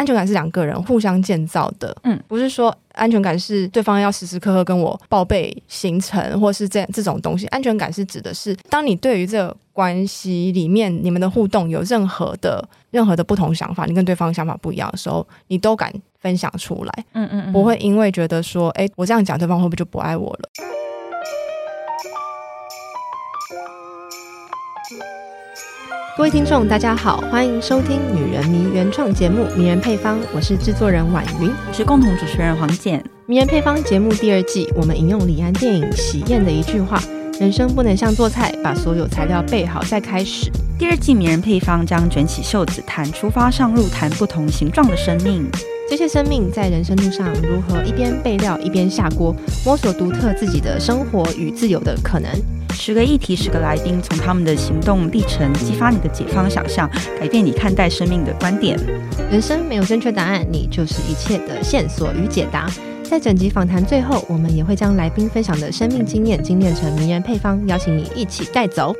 安全感是兩個人互相建造的，嗯，不是說安全感是對方要時時刻刻跟我報備行程，或是這這種東西。安全感是指的是，當你對於這關係裡面你們的互動有任何的任何的不同想法，你跟對方想法不一樣的時候，你都敢分享出來，嗯嗯，嗯，不會因為覺得說，哎，我這樣講，對方會不會就不愛我了？各位聽眾，大家好，歡迎收聽《女人迷》原創節目《迷人配方》，我是製作人婉云，我是共同主持人黃簡。《迷人配方》節目第二季，我們引用李安電影《喜宴》的一句話：“人生不能像做菜，把所有材料備好再開始。”第二季《迷人配方》將捲起袖子，談出發上路，談不同形狀的生命。這些生命在人生路上如何一邊備料一邊下鍋，摸索獨特自己的生活與自由的可能。十個議題，十個來賓，從他們的行動歷程激發你的解放想象，改變你看待生命的觀點。人生沒有正確答案，你就是一切的線索與解答。在整集訪談最後，我們也會將來賓分享的生命經驗精煉成迷人配方，邀請你一起帶走。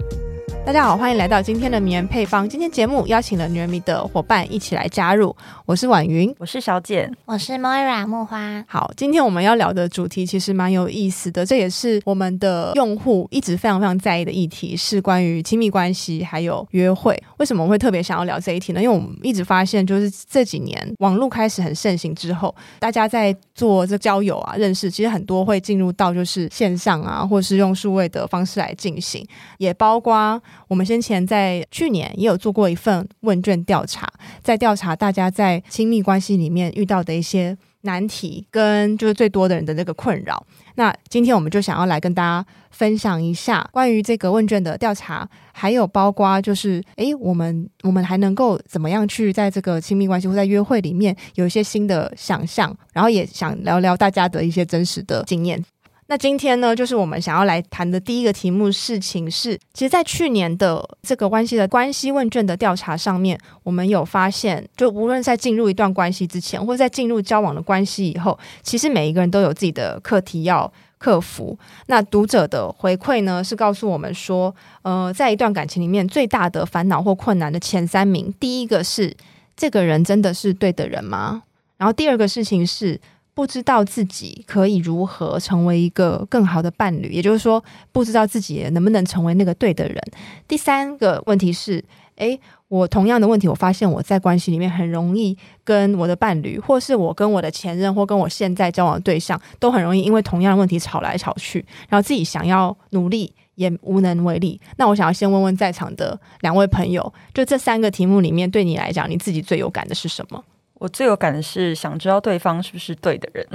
大家好，歡迎來到今天的《迷人配方》。今天節目邀請了女人迷的夥伴一起來加入。我是婉雲，我是小簡，我是 Moira 木花。好，今天我們要聊的主題其實蠻有意思的，這也是我們的用戶一直非常非常在意的議題，是關於親密關係還有約會。為什麼我會特別想要聊這一題呢？因為我們一直發現，就是這幾年網絡開始很盛行之後，大家在做這交友啊、認識，其實很多會進入到就是線上啊，或者是用數位的方式來進行，也包括。我們先前在去年也有做過一份問卷調查，在調查大家在親密關係裡面遇到的一些難題，跟就是最多的人的那個困擾。那今天我們就想要來跟大家分享一下關於這個問卷的調查，還有包括就是，哎，我們我們還能夠怎麼樣去在這個親密關係或在約會裡面有一些新的想象，然後也想聊聊大家的一些真實的經驗。那今天呢，就是我們想要來談的第一個題目事情是，其實，在去年的這個關係的關係問卷的調查上面，我們有發現，就無論在進入一段關係之前，或者在進入交往的關係以後，其實每一個人都有自己的課題要克服。那讀者的回饋呢，是告訴我們說，呃，在一段感情裡面，最大的煩惱或困難的前三名，第一個是，這個人真的是對的人嗎？然後第二個事情是，不知道自己可以如何成為一個更好的伴侶，也就是說，不知道自己能不能成為那個對的人。第三個問題是：誒，我同樣的問題，我發現我在關係裡面很容易跟我的伴侶，或是我跟我的前任，或跟我現在交往的對象，都很容易因為同樣的問題吵來吵去，然後自己想要努力也無能為力。那我想要先問問在場的兩位朋友，就這三個題目裡面，對你來講，你自己最有感的是什麼？我最有感的是，想知道對方是不是對的人。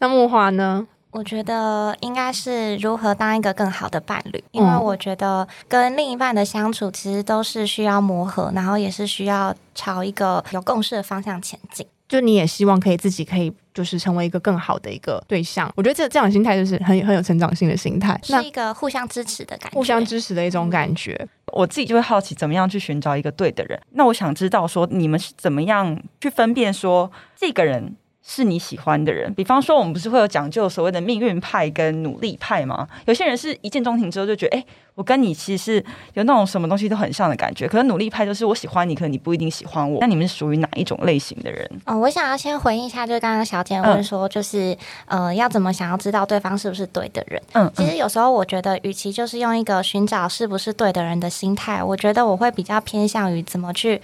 那 Moira 呢？我覺得應該是如何當一個更好的伴侶，因為我覺得跟另一半的相處其實都是需要磨合，然後也是需要朝一個有共識的方向前進。就你也希望可以自己可以就是成為一個更好的一個對象，我覺得這這樣的心態就是很很有成長性的心態，是一個互相支持的感覺。互相支持的一種感覺。我自己就會好奇怎麼樣去尋找一個對的人。那我想知道說你們是怎麼樣去分辨說這個人，是你喜歡的人，比方說我們不是會有講究所謂的命運派跟努力派嗎？有些人是一見鍾情之後就覺得，哎、欸，我跟你其實是有那種什麼東西都很像的感覺。可是努力派就是我喜歡你，可能你不一定喜歡我。那你們是屬於哪一種類型的人？哦，我想要先回應一下，就剛、是、剛小簡問說，嗯、就是呃，要怎麼想要知道對方是不是對的人？嗯，其實有時候我覺得，與其就是用一個尋找是不是對的人的心態，我覺得我會比較偏向於怎麼去。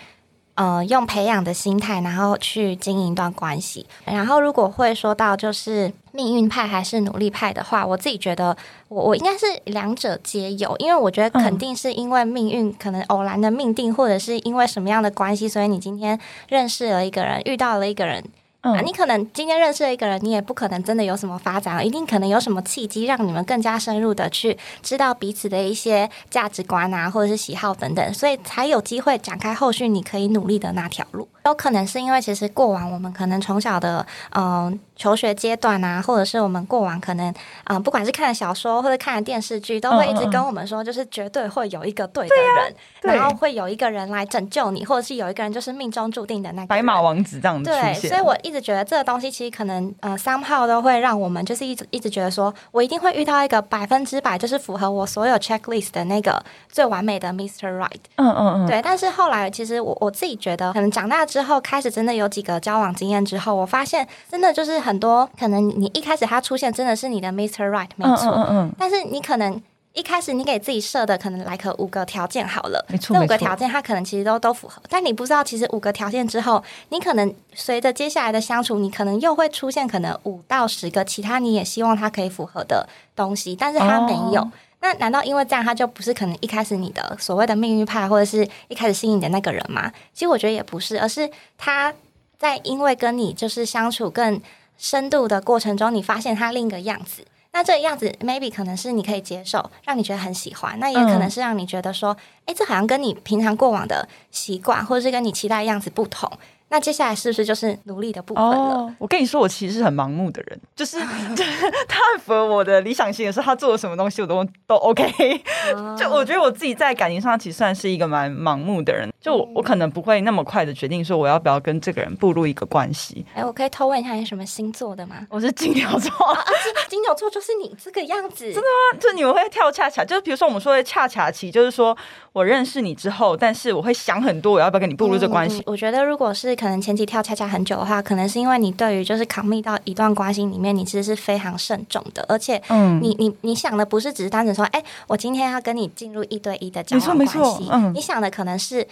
呃，用培養的心態，然後去經營一段關係。然後，如果會說到就是命運派還是努力派的話，我自己覺得我，我我應該是兩者皆有，因為我覺得肯定是因為命運，嗯，可能偶然的命定，或者是因為什麼樣的關係，所以你今天認識了一個人，遇到了一個人。啊，你可能今天認識了一個人，你也不可能真的有什麼發展，一定可能有什麼契機讓你們更加深入的去知道彼此的一些價值觀啊，或者是喜好等等，所以才有機會展開後續你可以努力的那條路。有可能是因為其實過往我們可能從小的嗯、呃、求學階段啊，或者是我們過往可能嗯、呃、不管是看的小說或者看的電視劇，都會一直跟我們說，就是絕對會有一個對的人對，啊對。然後會有一個人來拯救你，或者是有一個人就是命中注定的那個白馬王子這樣。對，所以我一直覺得這個東西其實可能呃 somehow 都會讓我們就是一直一直覺得說我一定會遇到一個百分之百就是符合我所有 checklist 的那個最完美的 Mr. Right。嗯嗯嗯。對，但是後來其實我我自己覺得可能長大之後開始真的有幾個交往經驗之後，我發現真的就是很多可能你一開始他出現真的是你的 Mr. Right 沒錯，嗯，嗯，嗯，但是你可能一開始你給自己設的可能來個五個條件好了，沒錯，那五個條件他可能其實都都符合，但你不知道其實五個條件之後，你可能隨着接下來的相處，你可能又會出現可能五到十個其他你也希望他可以符合的東西，但是他沒有。哦。那難道因為這樣，他就不是可能一開始你的所謂的命運派，或者是一開始吸引你的那個人嗎？其實我覺得也不是，而是他在因為跟你就是相處更深度的過程中，你發現他另一個樣子。那這樣子，maybe 可能是你可以接受，讓你覺得很喜歡；那也可能是讓你覺得說，哎、嗯，這好像跟你平常過往的習慣，或者是跟你期待的樣子不同。那接下來是不是就是努力的部分了？Oh, 我跟你說，我其實是很盲目的人，就是， 就是他符合我的理想型，也是他做了什麼東西我都都 OK， oh. 就我覺得我自己在感情上其實算是一個蠻盲目的人。就我，我可能不會那麼快的決定說，我要不要跟這個人步入一個關係。哎、欸，我可以偷問一下你什麼星座的嗎？我是金牛座，啊啊。金牛座就是你這個樣子。 真的嗎？就你會跳恰恰，就是比如說我們說的恰恰期，就是說我認識你之後，但是我會想很多，我要不要跟你步入這個關係，嗯？我覺得如果是可能前期跳恰恰很久的話，可能是因為你對於就是 commit 到一段關係裡面，你其實是非常慎重的，而且，嗯，你你你想的不是只是單純說，哎、欸，我今天要跟你進入一對一的交往關係，沒錯，沒錯，嗯，你想的可能是。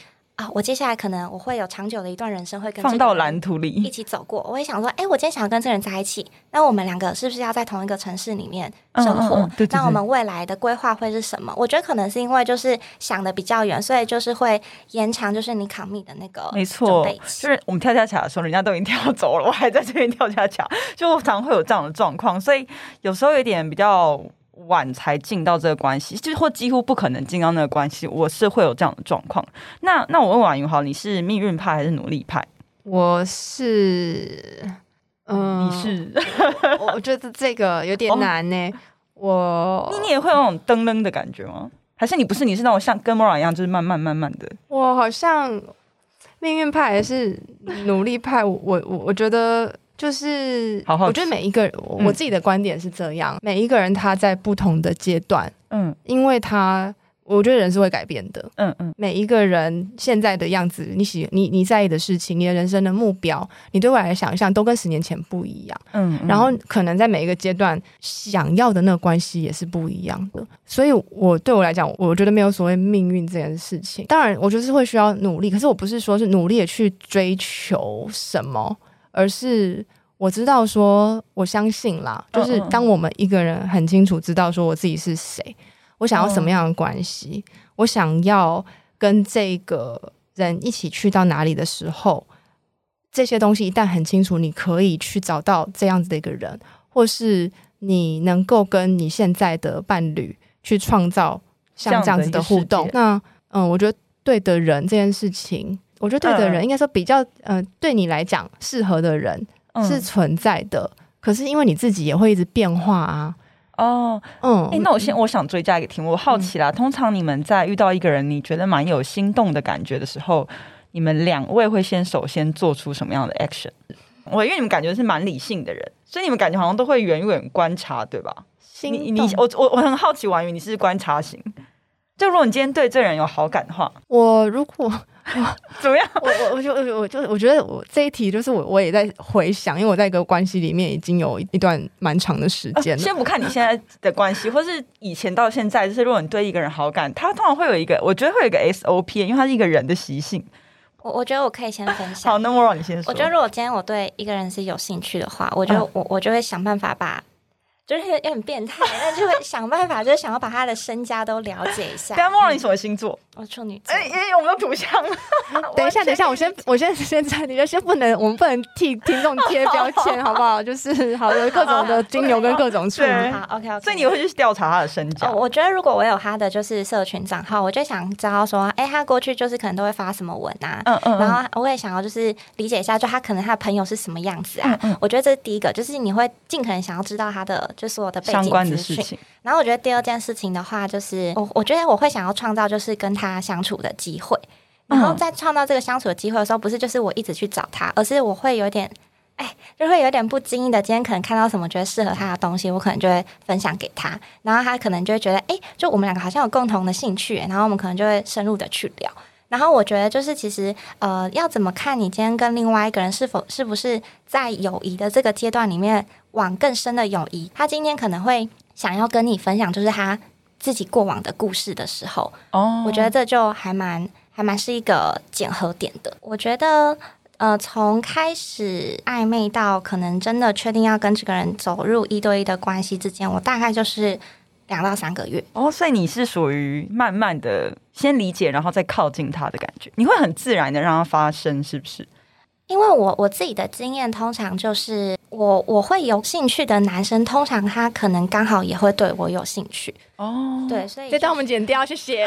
我接下來可能我會有長久的一段人生會跟放到藍圖裡一起走過。我也想說，哎、欸，我今天想要跟這個人在一起，那我們兩個是不是要在同一個城市裡面生活？嗯嗯嗯，對對對，那我們未來的規劃會是什麼？我覺得可能是因為就是想得比較遠，所以就是會延長，就是你扛米的那個。沒錯，就是我們跳下橋的時候，人家都已經跳走了，我還在這邊跳下橋，就常會有這樣的狀況，所以有時候有點比較。晚才進到這個關係，就是或幾乎不可能進到那個關係，我是會有這樣的狀況。那那我問王雲豪，你是命運派還是努力派？我是，嗯、呃，你是？我，我覺得這個有點難呢、欸哦。我你也會有那種噔噔的感覺嗎？還是你不是？你是那種像跟 Moira 一樣，就是慢慢慢慢的。我好像命運派還是努力派？我我我我覺得。就是，我覺得每一個人，我自己的觀點是這樣，每一個人他在不同的階段，嗯，因為他，我覺得人是會改變的，嗯嗯，每一個人現在的樣子，你喜你你在意的事情，你的人生的目標，你對未來的想象都跟十年前不一樣，嗯，然後可能在每一個階段想要的那個關係也是不一樣的，所以我對我來講，我覺得沒有所謂命運這件事情，當然我就是會需要努力，可是我不是說是努力的去追求什麼。而是我知道，說我相信啦、嗯，就是當我們一個人很清楚知道說我自己是誰、嗯，我想要什麼樣的關係、嗯，我想要跟這個人一起去到哪裡的時候，這些東西一旦很清楚，你可以去找到這樣子的一個人，或是你能夠跟你現在的伴侶去創造像這樣子的互動。那嗯，我覺得對的人這件事情。我覺得對的人，應該說比較，嗯，呃、對你來講適合的人是存在的、嗯。可是因為你自己也會一直變化啊。哦，嗯。哎、欸，那我先，我想追加一個題目，我好奇啦、嗯。通常你們在遇到一個人，你覺得蠻有心動的感覺的時候，你們兩位會先首先做出什麼樣的 action？我因為你們感覺是蠻理性的人，所以你們感覺好像都會遠遠觀察，對吧？心你，你我我我很好奇，宛瑜，你是觀察型。就如果你今天對這人有好感的話，我如果。 怎麼樣？我我我就我我就，我，就我覺得我這一題就是我我也在回想，因為我在一個關係裡面已經有一段蠻長的時間了、啊。先不看你現在的關係， 或是以前到現在，就是如果你對一個人好感，他通常會有一個，我覺得會有一個 SOP，因為他是一個人的習性。我我覺得我可以先分享。 好，那 Moira 你先說。我覺得如果今天我對一個人是有興趣的話，我就、嗯、我我就會想辦法把，就是有點變態， 但就會想辦法，就是想要把他的身家都了解一下。那、 嗯、Moira 你什麼星座？我求你，哎、欸欸，有沒有補像？ 等一下，等一下，我先，我先，先暫停，先不能，我們不能替聽眾貼標籤， 好不好？ 就是好的各種的金牛跟各種處女。 好 okay，OK，所以你會去調查他的身價。哦、oh，我覺得如果我有他的就是社群賬號，我就想知道說，哎、欸，他過去就是可能都會發什麼文啊，嗯嗯，然後我也想要就是理解一下，就他可能他的朋友是什麼樣子啊？嗯嗯、我覺得這是第一個，就是你會盡可能想要知道他的就是我的背景資訊相關的事情。然後我覺得第二件事情的話，就是我、oh, 我覺得我會想要創造就是跟他。他相處的機會，然後在創造這個相處的機會的時候，不是就是我一直去找他，而是我會有點，哎，就會有點不經意的，今天可能看到什麼覺得適合他的東西，我可能就會分享給他，然後他可能就會覺得，哎、欸，就我們兩個好像有共同的興趣，然後我們可能就會深入的去聊。然後我覺得就是其實，呃，要怎麼看你今天跟另外一個人是否是不是在友誼的這個階段裡面往更深的友誼，他今天可能會想要跟你分享，就是他。自己過往的故事的時候，哦、oh.，我覺得這就還蠻還蠻是一個檢核點的。我覺得，呃，從開始曖昧到可能真的確定要跟這個人走入一對一的關係之間，我大概就是兩到三個月。哦、oh,，所以你是屬於慢慢的先理解，然後再靠近他的感覺，你會很自然的讓他發生，是不是？因為我我自己的經驗，通常就是我我會有興趣的男生，通常他可能剛好也會對我有興趣哦。Oh. 對，所以再幫我們剪掉，謝 謝。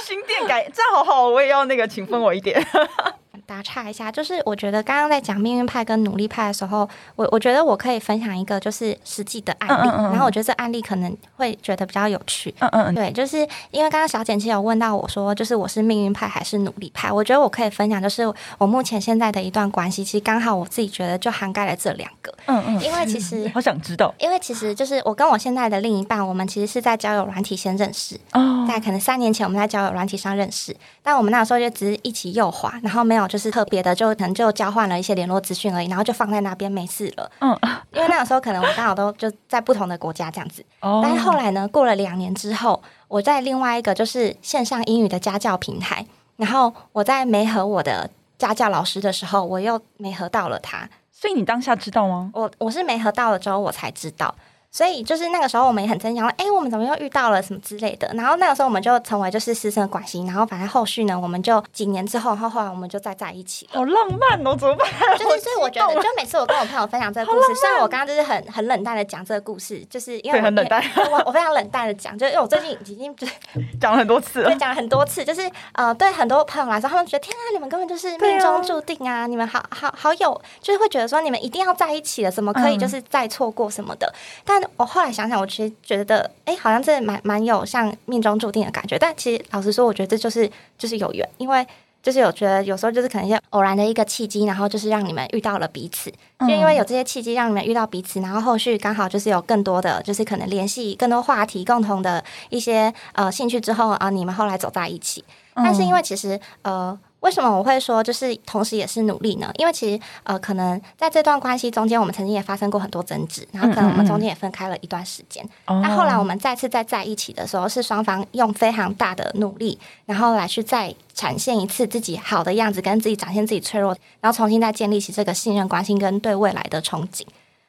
新店改這好好，我也要那個請分我一點。 打岔一下，就是我覺得剛剛在講命運派跟努力派的時候，我我覺得我可以分享一個就是實際的案例、嗯嗯，然後我覺得這案例可能會覺得比較有趣。嗯嗯。對，就是因為剛剛小簡其實有問到我說，就是我是命運派還是努力派？我覺得我可以分享，就是我目前現在的一段關係，其實剛好我自己覺得就涵蓋了這兩個。嗯嗯。因為其實、嗯、好想知道。因為其實就是我跟我現在的另一半，我們其實是在交友軟體先認識，在、哦、可能三年前我們在交友軟體上認識。但我們那時候就只是一起右滑，然後沒有就是特別的，就可能就交換了一些聯絡資訊而已，然後就放在那邊沒事了。嗯， 因為那個時候可能我大剛好都就在不同的國家這樣子。哦， 但是後來呢，過了兩年之後，我在另外一個就是線上英語的家教平台，然後我在沒和我的家教老師的時候，我又沒和到了他。所以你當下知道嗎？我我是沒和到了之後，我才知道。所以就是那個時候，我們也很震驚，哎、欸，我們怎麼又遇到了什麼之類的？然後那個時候我們就成為就是師生的關係。然後反正後續呢，我們就幾年之後，然後後來我們就再在一起。好浪漫哦、喔，怎麼辦？就是所以我覺得我，就每次我跟我朋友分享這個故事，雖然我剛剛就是很很冷淡的講這個故事，就是因為很，很冷淡，我我非常冷淡的講，就是、因為我最近已經講、就是、 了很多次了，講了很多次，就是呃對很多朋友來說，他們覺得天啊，你們根本就是命中注定啊，啊你們好好好有，就是會覺得說你們一定要在一起的，怎麼可以就是再錯過什麼的，但、嗯。但我後來想想，我其實覺得，哎、欸，好像這蠻蠻有像命中注定的感覺。但其實老實說，我覺得這就是就是有緣，因為就是有覺得有時候就是可能一些偶然的一個契機，然後就是讓你們遇到了彼此。就、嗯、因為有這些契機讓你們遇到彼此，然後後續剛好就是有更多的就是可能聯繫更多話題、共同的一些呃興趣之後啊、呃，你們後來走在一起。但是因為其實呃。為什麼我會說就是同時也是努力呢？因為其實呃，可能在這段關係中間，我們曾經也發生過很多爭執，然後可能我們中間也分開了一段時間。那、嗯嗯嗯、後來我們再次再在，在一起的時候，是雙方用非常大的努力，然後來去再展現一次自己好的樣子，跟自己展現自己脆弱，然後重新再建立起這個信任、關心跟對未來的憧憬。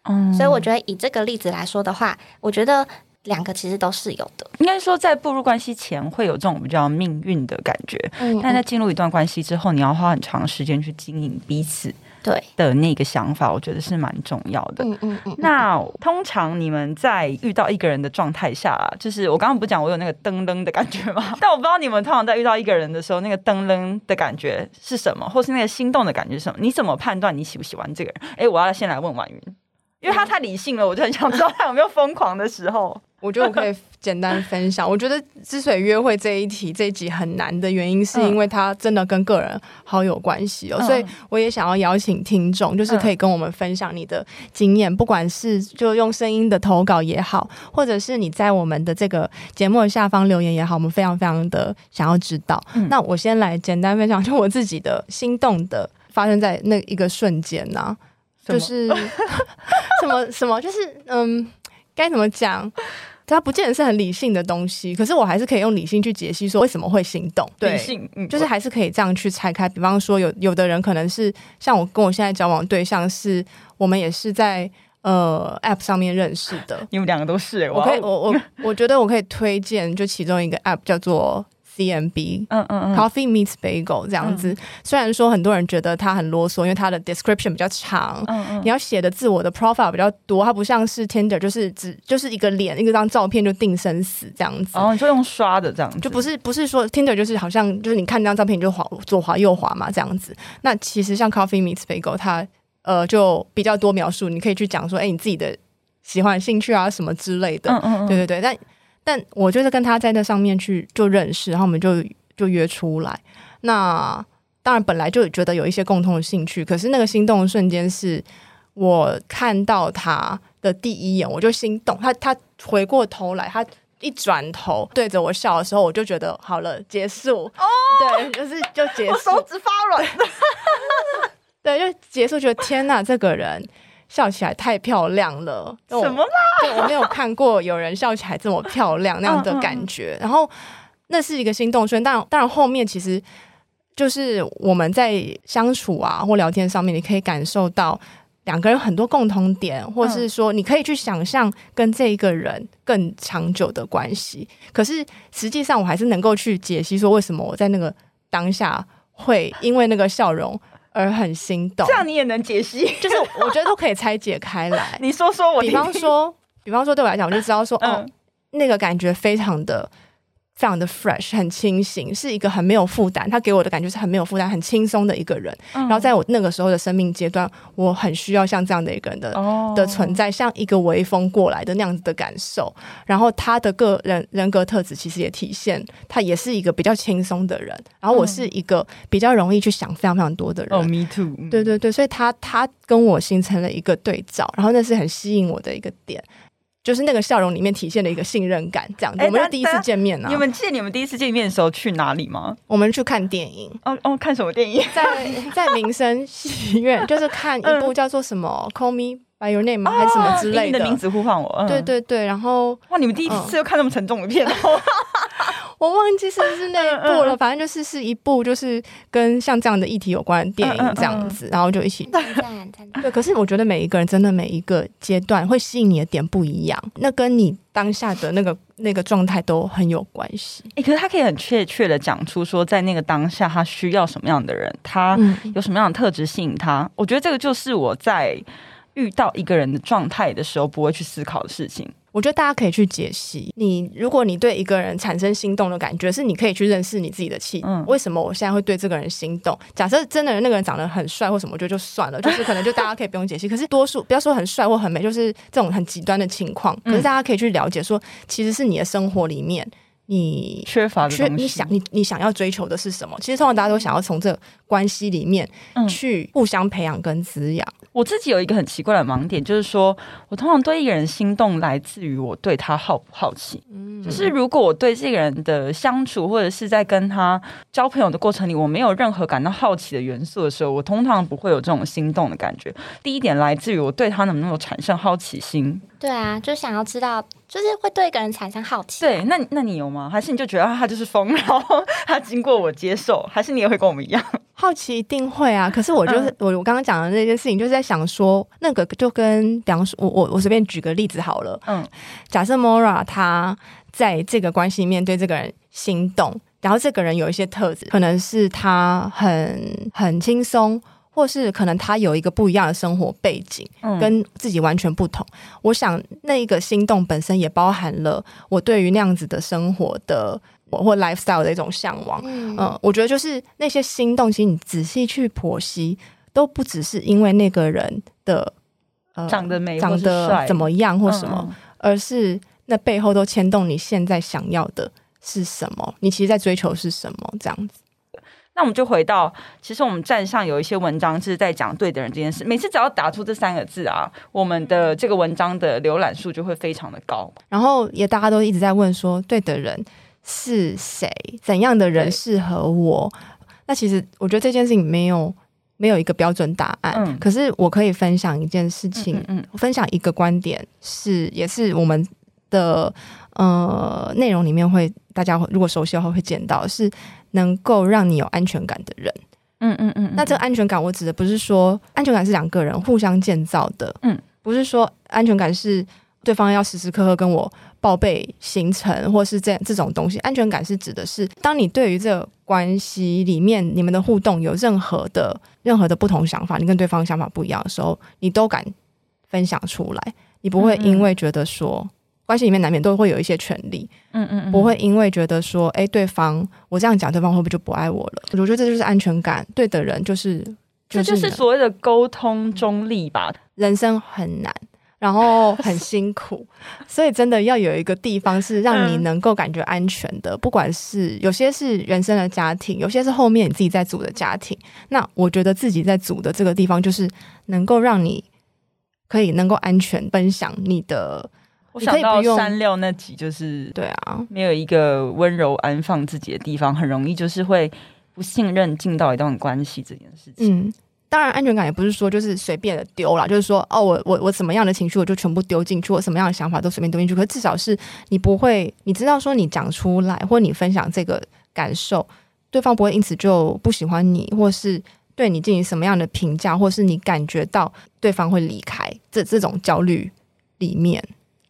嗯，所以我覺得以這個例子來說的話，我覺得。兩個其實都是有的，應該說在步入關係前會有這種比較命運的感覺，嗯嗯，但在進入一段關係之後，你要花很長時間去經營彼此對的那個想法，我覺得是蠻重要的。嗯嗯、嗯，那通常你們在遇到一個人的狀態下，就是我剛剛不講我有那個噔噔的感覺嗎？但我不知道你們通常在遇到一個人的時候，那個噔噔的感覺是什麼，或是那個心動的感覺是什麼？你怎麼判斷你喜不喜歡這個人？哎、欸，我要先來問婉雲，因為他太理性了，我就很想知道他有沒有瘋狂的時候。我覺得我可以簡單分享。 我覺得“之所以約會”這一題 這一集很難的原因，是因為它真的跟個人好有關係哦、喔。 所以我也想要邀請聽眾，就是可以跟我們分享你的經驗，不管是就用聲音的投稿也好，或者是你在我們的這個節目的下方留言也好，我們非常非常的想要知道、嗯。那我先來簡單分享，就我自己的心動的發生在那個一個瞬間呢、啊，就是什麼什麼，就是、 就是、嗯，該怎麼講？它不見得是很理性的東西，可是我還是可以用理性去解析，說為什麼會心動？對理性、嗯，就是還是可以這樣去拆開。比方說有，有有的人可能是像我跟我現在交往的對象是，是我們也是在呃 App 上面認識的。你們兩個都是、欸哦，我可以，我我我覺得我可以推薦就其中一個 App 叫做。DMB，嗯嗯嗯，Coffee meets Bagel 這樣子。嗯、雖然說很多人覺得它很囉嗦，因為它的 description 比較長，嗯嗯，你要寫的自我的 profile 比較多，它不像是 Tinder，就是只就是一個臉，一張照片就定生死這樣子。哦，你說用刷的這樣，就不是不是說 Tinder，就是好像就是你看這張照片你就滑左滑右滑嘛這樣子。那其實像 Coffee meets Bagel，它呃就比較多描述，你可以去講說，哎、欸，你自己的喜歡、興趣啊什麼之類的、嗯嗯嗯。對對對，但。但我就是跟他在那上面去就認識，然後我們就就約出來。那當然本來就覺得有一些共同的興趣，可是那個心動的瞬間是我看到他的第一眼，我就心動。他他回過頭來，他一轉頭對着我笑的時候，我就覺得好了，結束。哦、oh!，對，就是就結束， 手指發軟。 對，就結束，覺得天哪、啊，這個人。笑起來太漂亮了，哦、什麼啦？對，我沒有看過有人笑起來這麼漂亮那樣的感覺。 然後那是一個心動圈，但當，當然後面其實就是我們在相處啊或聊天上面，你可以感受到兩個人很多共同點，或是說你可以去想象跟這一個人更長久的關係。 可是實際上我還是能夠去解析說，為什麼我在那個當下會因為那個笑容。而很心動，這樣你也能解析，就是我覺得都可以拆解開來。 你說說，我的比方說， 比方說，對我來講，我就知道說，嗯、哦，那個感覺非常的。非常的 fresh，很清醒，是一個很沒有負擔。他給我的感覺是很沒有負擔、很輕鬆的一個人。嗯、然後在我那個時候的生命階段，我很需要像這樣的一個人的、哦、的存在，像一個微風過來的那樣子的感受。然後他的個人人格特質其實也體現，他也是一個比較輕鬆的人。然後我是一個比較容易去想非常非常多的人。哦，me too。對對對，所以他他跟我形成了一個對照，然後那是很吸引我的一個點。就是那個笑容裡面體現了一個信任感，這樣子、欸。我們第一次見面呢、啊欸？你們記得你們第一次見面的時候去哪裡嗎？我們去看電影。哦哦，看什麼電影？在在民生戲院， 就是看一部叫做什麼《嗯、Call Me By Your Name、啊》還是什麼之類的。你的名字呼喚我、嗯。對對對，然後哇，你們第一次又看那麼沉重的片頭。嗯 我忘記是不是那一部了、嗯嗯，反正就是是一部就是跟像這樣的議題有關的電影這樣子，嗯嗯、然後就一起。嗯嗯嗯嗯嗯、對、嗯，可是我覺得每一個人真的每一個階段會吸引你的點不一樣，那跟你當下的那個那個狀態都很有關係、欸。可是他可以很確切地講出說，在那個當下他需要什麼樣的人，他有什麼樣的特質吸引他、嗯。我覺得這個就是我在遇到一個人的狀態的時候不會去思考的事情。我覺得大家可以去解析，你如果你對一個人產生心動的感覺，是你可以去認識你自己的氣、嗯。為什麼我現在會對這個人心動？假設真的那個人長得很帥或什麼，我覺得就算了，就是可能就大家可以不用解析。 可是多數不要說很帥或很美，就是這種很極端的情況，可是大家可以去了解說，說、嗯、其實是你的生活裡面。你缺乏的缺，你想你你想要追求的是什麼？其實通常大家都想要從這個關係裡面去互相培養、跟滋養，嗯。我自己有一個很奇怪的盲點，就是說我通常對一個人的心動來自於我對他好不好奇。嗯，就是如果我對這個人的相處或者是在跟他交朋友的過程裡，我沒有任何感到好奇的元素的時候，我通常不會有這種心動的感覺。第一點來自於我對他能不能產生好奇心。對啊，就想要知道，就是會對一個人產生好奇、啊。對，那那你有嗎？還是你就覺得他就是瘋，然後他經過我接受，還是你也會跟我們一樣好奇？一定會啊！可是我就是我、嗯，我剛剛講的那件事情，就是在想說，那個就跟比方說，我我我隨便舉個例子好了，嗯，假設 Moira 他在這個關係裡面對這個人心動，然後這個人有一些特質，可能是他很很輕鬆。或是可能他有一個不一樣的生活背景，跟自己完全不同。嗯、我想那一個心動本身也包含了我對於那樣子的生活的或 lifestyle 的一種向往。嗯、呃，我覺得就是那些心動，其實你仔細去剖析，都不只是因為那個人的、呃、長得美、長得怎麼樣或什麼，嗯、而是那背後都牽動你現在想要的是什麼，你其實在追求是什麼這樣子。那我們就回到，其實我們站上有一些文章是在講“對的人”這件事。每次只要打出這三個字啊，我們的這個文章的瀏覽數就會非常的高。然後也大家都一直在問說：“對的人是誰？怎樣的人適合我？”那其實我覺得這件事情沒有沒有一個標準答案。嗯。可是我可以分享一件事情，嗯,嗯,嗯，分享一個觀點，是也是我們的呃內容裡面會大家如果熟悉的話會見到是。能夠讓你有安全感的人，嗯嗯嗯，嗯，那這個安全感，我指的不是說安全感是兩個人互相建造的，嗯，不是說安全感是對方要時時刻刻跟我報備行程，或是這這種東西。安全感是指的是，當你對於這個關係裡面你們的互動有任何的任何的不同想法，你跟對方想法不一樣的時候，你都敢分享出來，你不會因為覺得說，嗯嗯關係裡面難免都會有一些權利。嗯嗯不，嗯、會因為覺得說，哎，對方我這樣講，對方會不會就不愛我了？我覺得這就是安全感，對的人就是，就是，這就是所謂的溝通中立吧。人生很難，然後很辛苦， 所以真的要有一個地方是讓你能夠感覺安全的，不管是有些是原生的家庭，有些是後面你自己在組的家庭。那我覺得自己在組的這個地方，就是能夠讓你可以能夠安全分享你的。不用我想到三六，那集，就是對啊，沒有一個溫柔安放自己的地方，啊，很容易就是會不信任進到一段關係這件事情。嗯，當然安全感也不是說就是隨便的丟了，就是說哦，我我我什麼樣的情緒我就全部丟進去，我什麼樣的想法都隨便丟進去。可是至少是你不會，你知道說你講出來或你分享這個感受，對方不會因此就不喜歡你，或是對你進行什麼樣的評價，或是你感覺到對方會離開這這種焦慮裡面。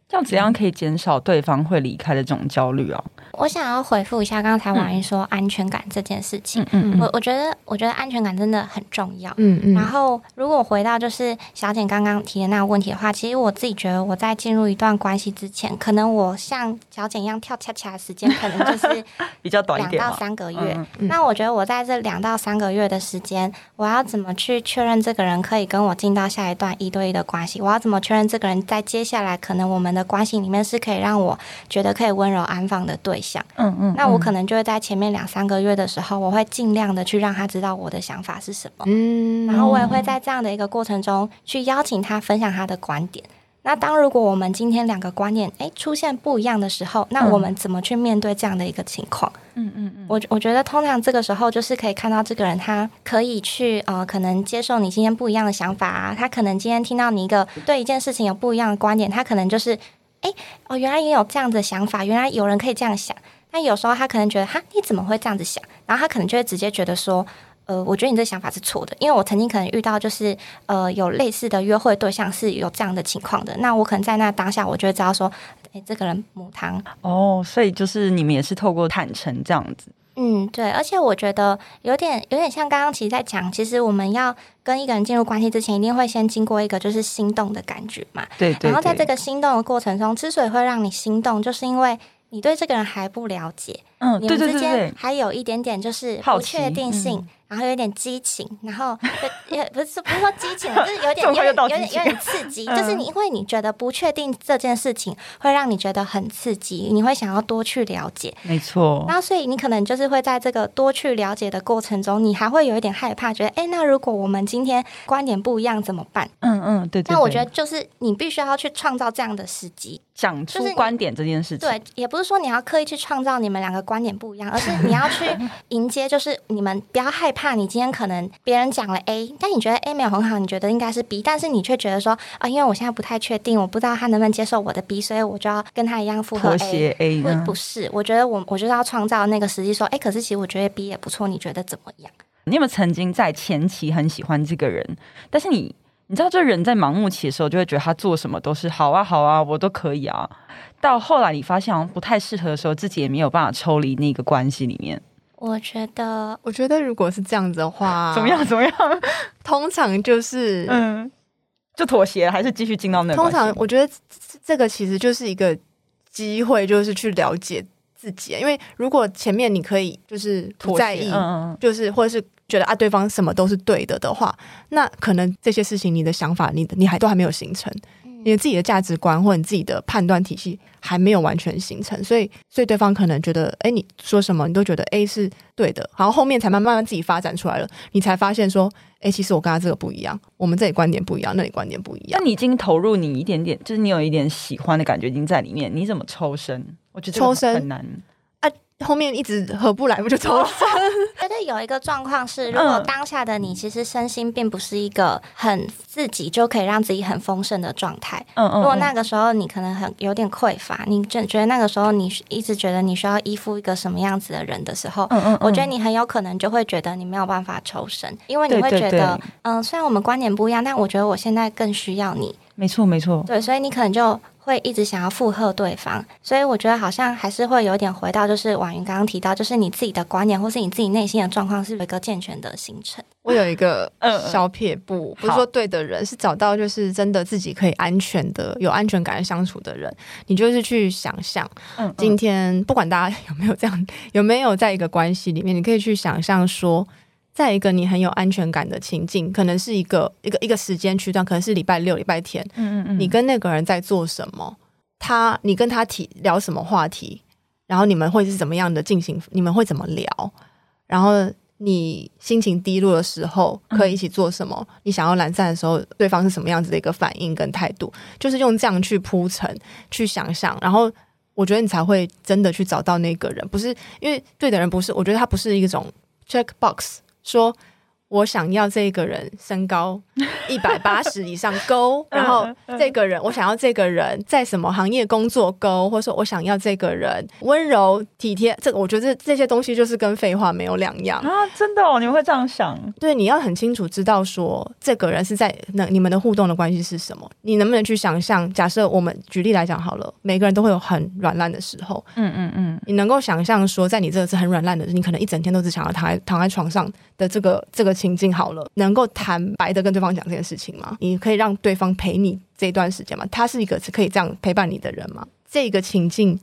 這樣怎樣可以減少對方會離開的這種焦慮哦、啊？我想要回復一下剛才王英說安全感這件事情嗯。嗯，嗯我我覺得我覺得安全感真的很重要。嗯嗯。然後如果回到就是小簡剛剛提的那個問題的話，其實我自己覺得我在進入一段關係之前，可能我像小簡一樣跳恰恰的時間可能就是比較短，兩到三個月。 那我覺得我在這兩到三個月的時間，嗯，我要怎麼去確認這個人可以跟我進到下一段一對一的關係？我要怎麼確認這個人在接下來可能我們的的關係裡面是可以讓我覺得可以溫柔安放的對象，嗯嗯，那我可能就會在前面兩三個月的時候，我會盡量的去讓他知道我的想法是什麼，嗯，然後我也會在這樣的一個過程中去邀請他分享他的觀點。嗯那當如果我們今天兩個觀念誒、欸、出現不一樣的時候，那我們怎麼去面對這樣的一個情況？嗯嗯嗯，我我覺得通常這個時候就是可以看到這個人他可以去呃可能接受你今天不一樣的想法啊，他可能今天聽到你一個對一件事情有不一樣的觀點，他可能就是哎、欸、哦原來也有這樣的想法，原來有人可以這樣想。但有時候他可能覺得哈你怎麼會這樣子想？然後他可能就會直接覺得說。呃，我覺得你這想法是錯的，因為我曾經可能遇到就是，呃，有類似的約會對象是有這樣的情況的。那我可能在那當下，我就會知道說，哎、欸，這個人母湯。哦，所以就是你們也是透過坦誠這樣子。嗯，對，而且我覺得有點有點像剛剛其實在講，其實我們要跟一個人進入關係之前，一定會先經過一個就是心動的感覺嘛。對，對,對。然後在這個心動的過程中，之所以會讓你心動，就是因為你對這個人還不了解。嗯，你們之間還有一點點就是不確定性，對對對對，然後有點激情，嗯、然後 也不是不是說激情， 就是有點有點有點有點刺激， 就是你因為你覺得不確定這件事情會讓你覺得很刺激，你會想要多去了解，沒錯。然後所以你可能就是會在這個多去了解的過程中，你還會有一點害怕，覺得哎、欸，那如果我們今天觀點不一樣怎麼辦？嗯嗯，對，對，對。但我覺得就是你必須要去創造這樣的時機，講出觀點這件事情、就是。對，也不是說你要刻意去創造你們兩個。 觀點不一樣，而是你要去迎接，就是你們不要害怕。你今天可能別人講了 A，但你覺得 A 沒有很好，你覺得應該是 B，但是你卻覺得說啊、呃，因為我現在不太確定，我不知道他能不能接受我的 B，所以我就要跟他一樣附和 A。和 A，是不是？我覺得我我就是要創造那個時機，說哎，可是其實我覺得 B 也不錯，你覺得怎麼樣？你有沒有曾經在前期很喜歡這個人，但是你你知道這人在盲目期的時候，就會覺得他做什麼都是好啊好啊，我都可以啊。到後來你發現好像不太適合的時候，自己也沒有辦法抽離那個關係裡面。我覺得，我覺得如果是這樣子的話，怎麼樣？怎麼樣？通常就是，嗯，就妥協，還是繼續進到那，嗯，通常我覺得這個其實就是一個機會，就是去了解自己。因為如果前面你可以就是不在意，嗯嗯，就是或者是覺得啊對方什麼都是對的的話，那可能這些事情你的想法你，你你還都還沒有形成。你的自己的價值觀或你自己的判斷體系還沒有完全形成，所以，所以對方可能覺得，哎、欸，你說什麼你都覺得 A、欸、是對的，然後後面才慢慢慢自己發展出來了，你才發現說，哎、欸，其實我跟他這個不一樣，我們這裡觀點不一樣，那裡觀點不一樣。那你已經投入你一點點，就是你有一點喜歡的感覺已經在裡面，你怎麼抽身？我覺得抽身很難。後面一直合不來，我就走了。但是有一個狀況是，如果當下的你其實身心並不是一個很自己就可以讓自己很豐盛的狀態。嗯嗯嗯，如果那個時候你可能很有點匱乏，你覺覺得那個時候你一直覺得你需要依附一個什麼樣子的人的時候，嗯嗯嗯，我覺得你很有可能就會覺得你沒有辦法抽身，因為你會覺得，對對對，嗯，雖然我們觀點不一樣，但我覺得我現在更需要你。沒錯，沒錯。對，所以你可能就會一直想要附和對方，所以我覺得好像還是會有點回到，就是婉雲剛剛提到，就是你自己的觀念或是你自己內心的狀況，是不是一個健全的形成？我有一個小撇步，不、嗯、是、嗯、說對的人，是找到就是真的自己可以安全的、有安全感相處的人。你就是去想象，嗯，嗯，今天不管大家有沒有這樣，有沒有在一個關係裡面，你可以去想象說。在一個你很有安全感的情境，可能是一個一個一個時間區段，可能是禮拜六、禮拜天，嗯嗯嗯。你跟那個人在做什麼？他，你跟他提聊什麼話題？然後你們會是怎麼樣的進行？你們會怎麼聊？然後你心情低落的時候可以一起做什麼？嗯。你想要懶散的時候，對方是什麼樣子的一個反應跟態度？就是用這樣去鋪陳、去想象，然後我覺得你才會真的去找到那個人，不是，因為對的人不是，我覺得他不是一種 check box。說，我想要這個人身高一百八十以上，勾。 然後這個人，我想要這個人在什麼行業工作，勾。或者說我想要這個人溫柔體貼，這我覺得這些東西就是跟廢話沒有兩樣啊！真的哦，你們會這樣想？對，你要很清楚知道說，這個人是在那你們的互動的關係是什麼？你能不能去想象？假設我們舉例來講好了，每個人都會有很軟爛的時候。嗯嗯嗯。你能夠想象說，在你這是很軟爛的，你可能一整天都只想要躺在躺在床上的這個這個。情境好了，能夠坦白的跟對方講這件事情嗎？你可以讓對方陪你這段時間嗎？他是一個可以這樣陪伴你的人嗎？這個情境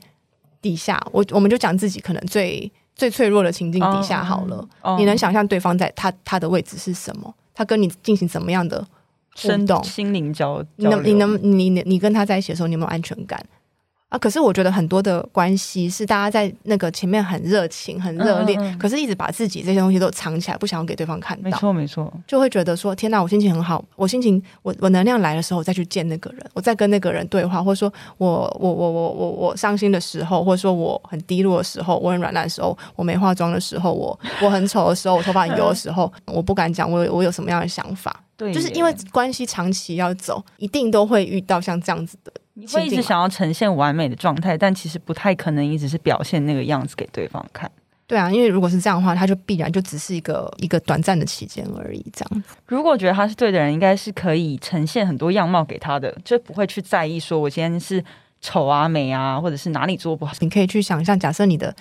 底下，我我們就講自己可能最最脆弱的情境底下好了。Oh. Oh. 你能想象對方在他他的位置是什麼？他跟你進行怎麼樣的生動？心靈交？交能？你能？你你跟他在一起的時候，你有沒有安全感？啊！可是我覺得很多的關係是大家在那個前面很熱情、很熱烈，嗯嗯嗯，可是一直把自己這些東西都藏起來，不想要給對方看到。沒錯，沒錯，就會覺得說：天哪、啊，我心情很好，我心情，我我能量來的時候我再去見那個人，我再跟那個人對話，或者說我，我我我我我我傷心的時候，或者說我很低落的時候，我很軟爛的時候，我沒化妝的時候，我我很醜的時候，我頭髮很油的時候， 我不敢講我有我有什麼樣的想法。對，就是因為關係長期要走，一定都會遇到像這樣子的。你會一直想要呈現完美的狀態，但其實不太可能一直是表現那個樣子給對方看。對啊，因為如果是這樣的話，他就必然就只是一個一個短暫的期間而已。這樣，如果覺得他是對的人，應該是可以呈現很多樣貌給他的，就不會去在意說我今天是醜啊、美啊，或者是哪裡做不好。你可以去想象，假設你的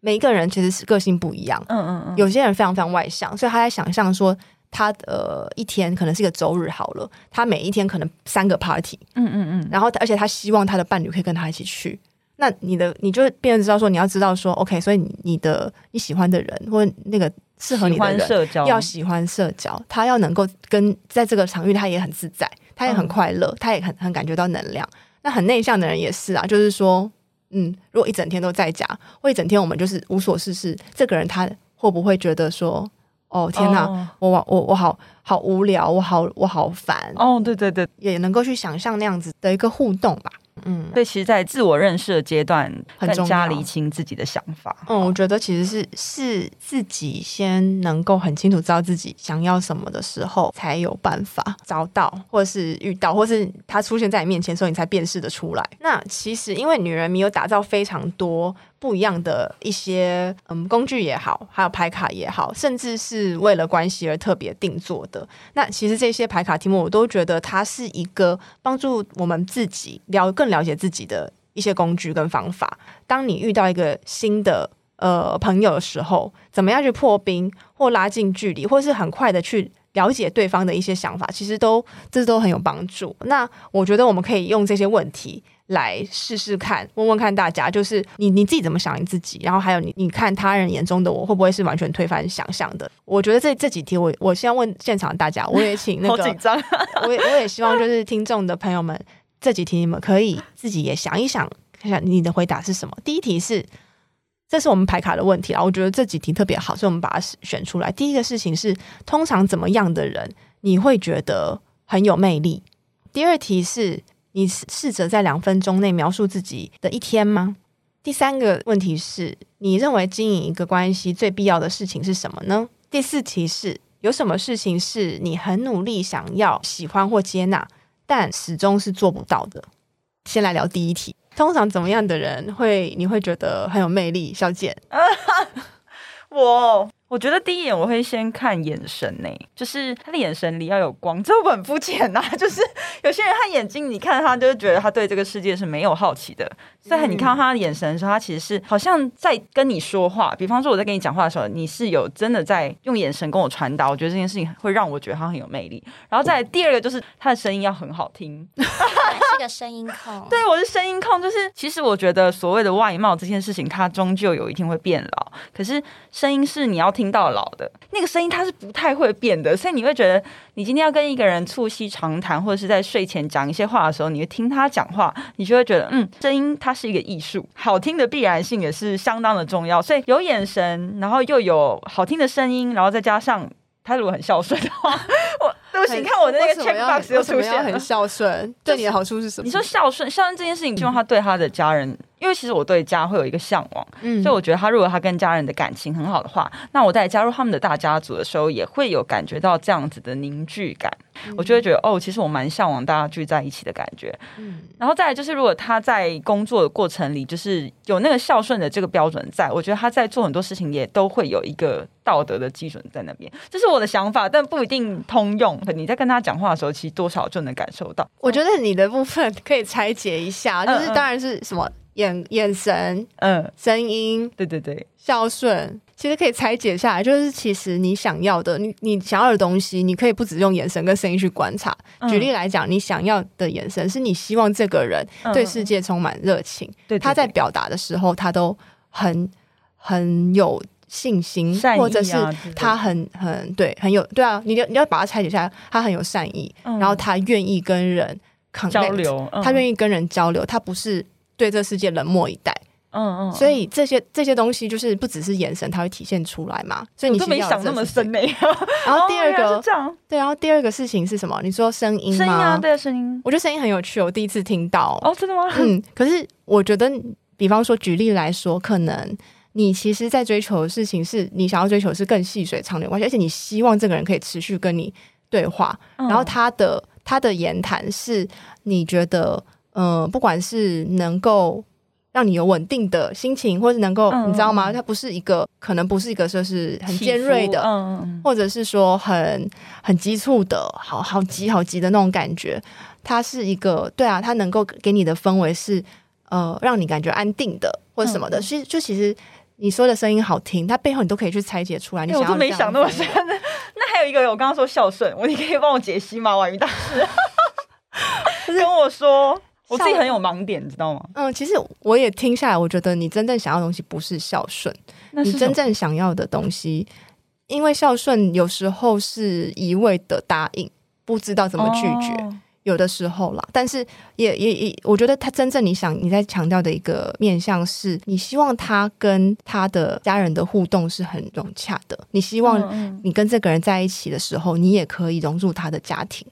每一個人其實是個性不一樣。嗯嗯嗯，有些人非常非常外向，所以他在想象說。他的、呃、一天可能是一個周日好了，他每一天可能三個 party，嗯嗯嗯，然後而且他希望他的伴侶可以跟他一起去。那你的，你就變成知道說你要知道說，OK，所以你的，你喜歡的人或是那個適合你的人喜歡社交，要喜歡社交，他要能夠跟在這個場域他也很自在，他也很快樂，嗯、他也很很感覺到能量。那很內向的人也是啊，就是說，嗯，如果一整天都在家，或一整天我們就是無所事事，這個人他會不會覺得說？哦，天哪，oh. 我我我好好無聊，我好我好煩哦！Oh, 對對對，也能夠去想象那樣子的一個互動吧。嗯，對，其實，在自我認識的階段，更加釐清自己的想法。嗯，我覺得其實是是自己先能夠很清楚知道自己想要什麼的時候，才有辦法找到，或是遇到，或是他出現在你面前的時候，你才辨識的出來。那其實，因為女人迷有打造非常多。不一樣的一些嗯工具，也好，還有牌卡也好，甚至是為了關係而特別定做的。那其實這些牌卡題目，我都覺得它是一個幫助我們自己了更了解自己的一些工具跟方法。當你遇到一個新的呃朋友的時候，怎麼樣去破冰或拉近距離，或是很快的去了解對方的一些想法，其實都這都很有幫助。那我覺得我們可以用這些問題。來試試看，問問看大家，就是你你自己怎麼想你自己，然後還有你你看他人眼中的我，會不會是完全推翻想象的？我覺得這這幾題我，我我先問現場大家，我也請那個， 好緊張笑我也我也希望就是聽眾的朋友們，這幾題你們可以自己也想一想，看看你的回答是什麼。第一題是，這是我們牌卡的問題啊，我覺得這幾題特別好，所以我們把它選出來。第一個事情是，通常怎麼樣的人你會覺得很有魅力？第二題是。你試着在兩分鐘內描述自己的一天嗎？第三個問題是，你認為經營一個關係最必要的事情是什麼呢？第四題是，有什麼事情是你很努力想要喜歡或接納，但始終是做不到的？先來聊第一題，通常怎麼樣的人會你會覺得很有魅力？小姐，我。 我覺得第一眼我會先看眼神呢、欸，就是他的眼神裡要有光，這很膚淺吶。就是有些人他眼睛，你看他就是覺得他對這個世界是沒有好奇的。所以你看到他的眼神的時候，他其實是好像在跟你說話。比方說我在跟你講話的時候，你是有真的在用眼神跟我傳達。我覺得這件事情會讓我覺得他很有魅力。然後再來第二個就是他的聲音要很好聽。 聲音控、啊，對，我是聲音控，就是其實我覺得所謂的外貌這件事情，它終究有一天會變老，可是聲音是你要聽到老的那個聲音，它是不太會變的，所以你會覺得，你今天要跟一個人促膝長談，或者是在睡前講一些話的時候，你會聽他講話，你就會覺得，嗯，聲音它是一個藝術，好聽的必然性也是相當的重要，所以有眼神，然後又有好聽的聲音，然後再加上他如果很孝順的話，我。 你看我的那個 check box 又出現了，很孝順，對你的好處是什麼？你說孝順，孝順這件事情，希望他對他的家人。因為其實我對家會有一個向往，嗯，所以我覺得他如果他跟家人的感情很好的話，那我在加入他們的大家族的時候，也會有感覺到這樣子的凝聚感。嗯，我就會覺得哦，其實我蠻向往大家聚在一起的感覺。嗯，然後再來就是，如果他在工作的過程裡，就是有那個孝順的這個標準在，我覺得他在做很多事情也都會有一個道德的基準在那邊。這是我的想法，但不一定通用。嗯，你在跟他講話的時候，其實多少就能感受到。我覺得你的部分可以拆解一下，就是當然是什麼。嗯嗯。眼眼神，嗯、uh，聲音，對對對，孝順，其實可以拆解下來，就是其實你想要的，你你想要的東西，你可以不只用眼神跟聲音去觀察，嗯。舉例來講，你想要的眼神是你希望這個人對世界充滿熱情，嗯，他在表達的時候，他都很很有信心善意，啊，或者是他很對對很，很對很有對啊，你要你要把它拆解下來，他很有善意，嗯，然後他願意跟人 connect, 交流，嗯，他願意跟人交流，他不是。對這世界冷漠以待，嗯嗯，所以這些這些東西就是不只是眼神，它會體現出來嘛。嗯、所以你都沒想那麼深、欸，沒有。然後第二個、哦哎、是這樣，對。然後第二個事情是什麼？你說聲音嗎，聲音啊，對啊，聲音。我覺得聲音很有趣，我第一次聽到。哦，真的嗎？嗯。可是我覺得，比方說舉例來說，可能你其實在追求的事情是，你想要追求的是更細水長流，而且你希望這個人可以持續跟你對話，嗯、然後他的他的言談是你覺得。嗯，不管是能夠讓你有穩定的心情，或是能夠、嗯，你知道嗎？它不是一個，可能不是一個，說是、是很尖銳的、嗯，或者是說很很急促的，好好急好急的那種感覺。它是一個，對啊，它能夠給你的氛圍是，呃，讓你感覺安定的，或者什麼的。其、嗯、實，就其實你說的聲音好聽，它背後你都可以去拆解出來。欸、你想要我都沒想那麼深。那還有一個，我剛剛說孝順，我你可以幫我解析嗎，婉瑜大師、啊？ 跟我說。我自己很有盲點，你知道嗎？嗯，其實我也聽下來，我覺得你真正想要的東西不是孝順，你真正想要的東西，因為孝順有時候是一味的答應，不知道怎麼拒絕，oh. 有的時候啦。但是也也也，我覺得他真正你想你在強調的一個面向是，你希望他跟他的家人的互動是很融洽的，你希望你跟這個人在一起的時候，你也可以融入他的家庭。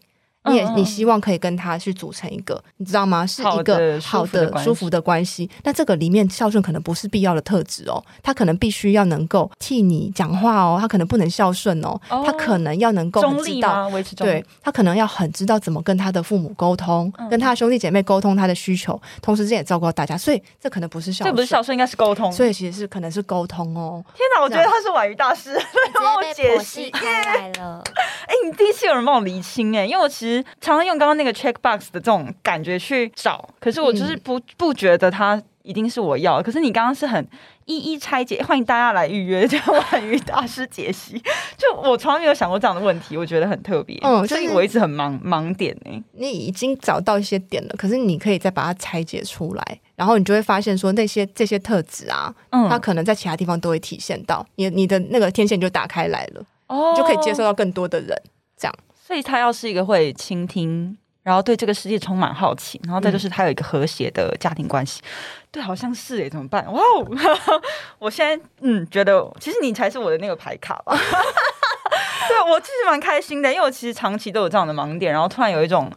你也你希望可以跟他去組成一個，你知道嗎？是一個好的、舒服的關係。那這個裡面孝順可能不是必要的特質哦，他可能必須要能夠替你講話哦，他可能不能孝順哦，哦，他可能要能夠中立到，中立中對他可能要很知道怎麼跟他的父母溝通、嗯，跟他的兄弟姐妹溝通他的需求，同時這也照顧到大家，所以這可能不是孝，這不是孝順，應該是溝通。所以其實是可能是溝通哦。天吶，我覺得他是婉瑜大師，幫我, 我解釋來了。哎，你第一次有人幫我釐清哎、欸，因為我其實。常常用剛剛那個 check box 的這種感覺去找，可是我就是不不覺得它一定是我要的、嗯。可是你剛剛是很一一拆解，歡迎大家來預約叫萬語大師解析。 就我從來沒有想過這樣的問題，我覺得很特別。嗯，所以我一直很盲盲、就是、點呢、欸。你已經找到一些點了，可是你可以再把它拆解出來，然後你就會發現說那些這些特質啊，嗯，它可能在其他地方都會體現到。你你的那個天線就打開來了，哦，你就可以接受到更多的人。所以他要是一個會傾聽，然後對這個世界充滿好奇，然後再就是他有一個和諧的家庭關係。嗯。對，好像是誒，怎麼辦？哇，wow! 我現在嗯，覺得其實你才是我的那個牌卡吧。 對，我其實蠻開心的，因為我其實長期都有這樣的盲點，然後突然有一種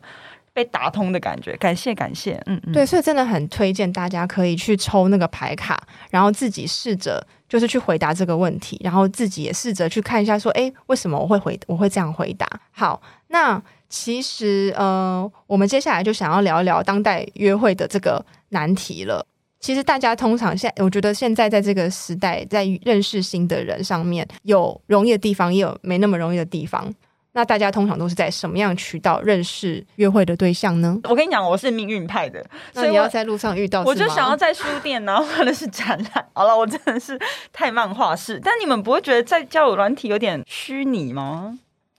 被打通的感覺。感謝，感謝。嗯嗯。對，所以真的很推薦大家可以去抽那個牌卡，然後自己試着。就是去回答這個問題，然後自己也試着去看一下，說，哎，為什麼我會回，我會這樣回答？好，那其實，呃，我們接下來就想要聊一聊當代約會的這個難題了。其實大家通常現在，我覺得現在在這個時代，在認識新的人上面，有容易的地方，也有沒那麼容易的地方。那大家通常都是在什麼樣渠道，認識約會的對象呢？我跟你講，我是命運派的，所以我你要在路上遇到，我就想要在書店呢，或者是展覽。好了，我真的是太漫畫式，但你們不會覺得在交友軟體有點虛擬嗎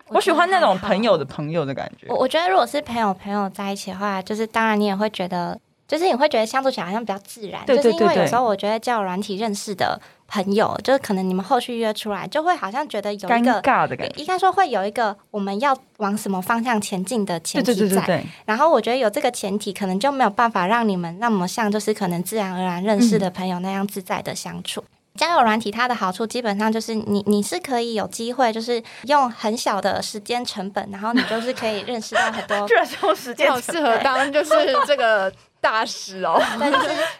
我？我喜歡那種朋友的朋友的感覺。我我覺得，如果是朋友朋友在一起的話，就是當然你也會覺得。就是你會覺得相處起來好像比較自然，對對對對，就是因為有時候我覺得交友軟體認識的朋友，對對對就是可能你們後續約出來，就會好像覺得有一個尷尬的感覺。應該說會有一個我們要往什麼方向前進的前提在。對對對對對對。然後我覺得有這個前提，可能就沒有辦法讓你們那麼像，就是可能自然而然認識的朋友那樣自在的相處。交、嗯、友軟體它的好處基本上就是你你是可以有機會，就是用很小的時間成本， 然後你就是可以認識到很多，這種時間，好適合當 就是這個。大使哦，但是